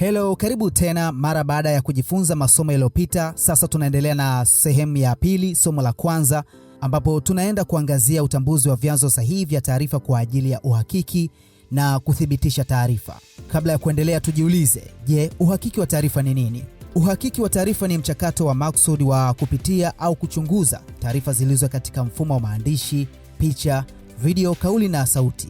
Hello, karibu tena mara baada ya kujifunza masomo yaliyopita. Sasa tunaendelea na sehemu ya pili, somo la kwanza, ambapo tunaenda kuangazia utambuzi wa vyanzo sahihi vya taarifa kwa ajili ya uhakiki na kuthibitisha taarifa. Kabla ya kuendelea, tujiulize, je, uhakiki wa taarifa ni nini? Uhakiki wa taarifa ni mchakato wa maksudi wa kupitia au kuchunguza taarifa zilizo katika mfumo wa maandishi, picha, video, kauli na sauti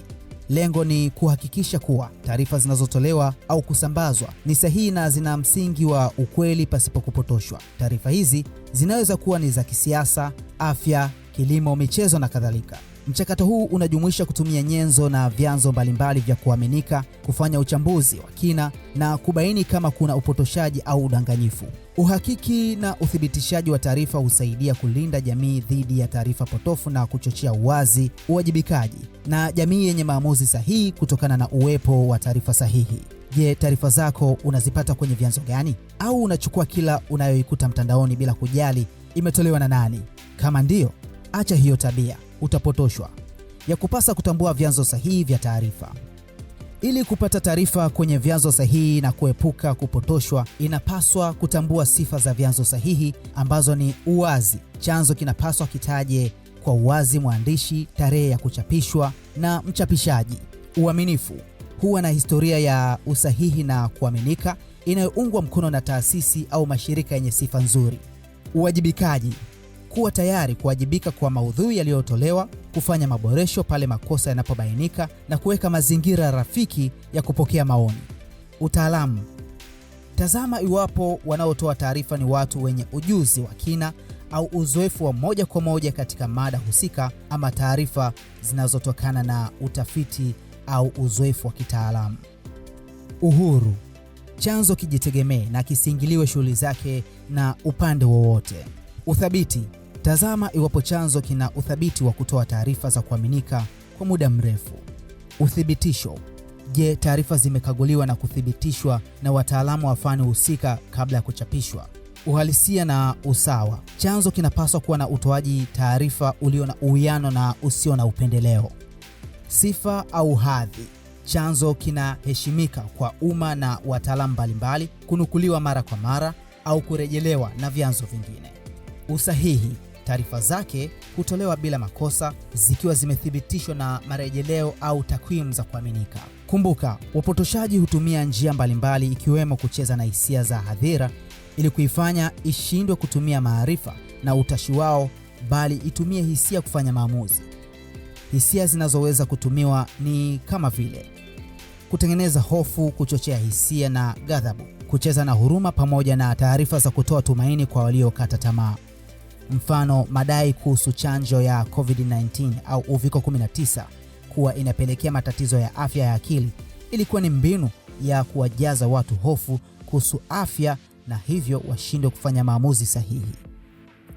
Lengo ni kuhakikisha kuwa taarifa zinazotolewa au kusambazwa ni sahihi na zina msingi wa ukweli pasipo kupotoshwa. Taarifa hizi zinaweza kuwa ni za kisiasa, afya, kilimo, michezo na kadhalika. Mchakato huu unajumuisha kutumia nyenzo na vyanzo mbalimbali vya kuaminika kufanya uchambuzi wa kina na kubaini kama kuna upotoshaji au udanganyifu. Uhakiki na uthibitishaji wa taarifa husaidia kulinda jamii dhidi ya taarifa potofu na kuchochea uwazi, uwajibikaji na jamii yenye maamuzi sahihi kutokana na uwepo wa taarifa sahihi. Je, taarifa zako unazipata kwenye vyanzo gani? Au unachukua kila unayoikuta mtandaoni bila kujali imetolewa na nani? Kama ndiyo, acha hiyo tabia utapotoshwa, ya kupasa kutambua vyanzo sahihi vya taarifa. Ili kupata taarifa kwenye vyanzo sahihi na kuepuka kupotoshwa, inapaswa kutambua sifa za vyanzo sahihi ambazo ni uwazi. Chanzo kinapaswa kitaje kwa uwazi mwandishi, tarehe ya kuchapishwa na mchapishaji. Uaminifu huwa na historia ya usahihi na kuaminika inayoungwa mkono na taasisi au mashirika yenye sifa nzuri. Uwajibikaji kuwa tayari kuwajibika kwa maudhui yaliyotolewa, kufanya maboresho pale makosa yanapobainika na kuweka mazingira rafiki ya kupokea maoni. Utaalamu: tazama iwapo wanaotoa taarifa ni watu wenye ujuzi wa kina au uzoefu wa moja kwa moja katika mada husika ama taarifa zinazotokana na utafiti au uzoefu wa kitaalamu. Uhuru: chanzo kijitegemee na kisingiliwe shughuli zake na upande wowote. Uthabiti: Tazama iwapo chanzo kina uthabiti wa kutoa taarifa za kuaminika kwa muda mrefu. Uthibitisho: je, taarifa zimekaguliwa na kuthibitishwa na wataalamu wa fani husika kabla ya kuchapishwa? Uhalisia na usawa: chanzo kinapaswa kuwa na utoaji taarifa ulio na uwiano na usio na upendeleo. Sifa au hadhi: chanzo kinaheshimika kwa umma na wataalamu mbalimbali, kunukuliwa mara kwa mara au kurejelewa na vyanzo vingine. Usahihi: Taarifa zake hutolewa bila makosa zikiwa zimethibitishwa na marejeleo au takwimu za kuaminika. Kumbuka, wapotoshaji hutumia njia mbalimbali ikiwemo kucheza na hisia za hadhira ili kuifanya ishindwe kutumia maarifa na utashi wao, bali itumie hisia kufanya maamuzi. Hisia zinazoweza kutumiwa ni kama vile kutengeneza hofu, kuchochea hisia na ghadhabu, kucheza na huruma, pamoja na taarifa za kutoa tumaini kwa waliokata tamaa mfano madai kuhusu chanjo ya COVID-19 au uviko 19 kuwa inapelekea matatizo ya afya ya akili ilikuwa ni mbinu ya kuwajaza watu hofu kuhusu afya na hivyo washindwe kufanya maamuzi sahihi.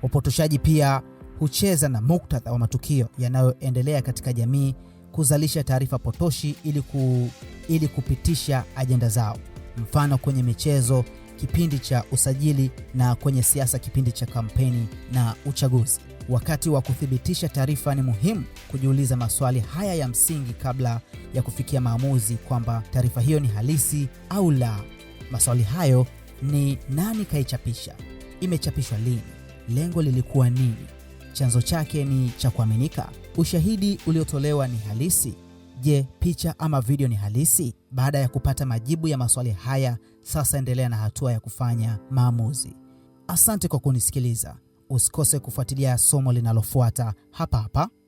upotoshaji pia hucheza na muktadha wa matukio yanayoendelea katika jamii kuzalisha taarifa potoshi ili, ku, ili kupitisha ajenda zao. Mfano, kwenye michezo kipindi cha usajili na kwenye siasa kipindi cha kampeni na uchaguzi. Wakati wa kuthibitisha taarifa, ni muhimu kujiuliza maswali haya ya msingi kabla ya kufikia maamuzi kwamba taarifa hiyo ni halisi au la. Maswali hayo ni nani kaichapisha, imechapishwa lini, lengo lilikuwa nini, chanzo chake ni cha kuaminika, ushahidi uliotolewa ni halisi, Je, picha ama video ni halisi? Baada ya kupata majibu ya maswali haya, sasa endelea na hatua ya kufanya maamuzi. Asante kwa kunisikiliza. Usikose kufuatilia somo linalofuata hapa hapa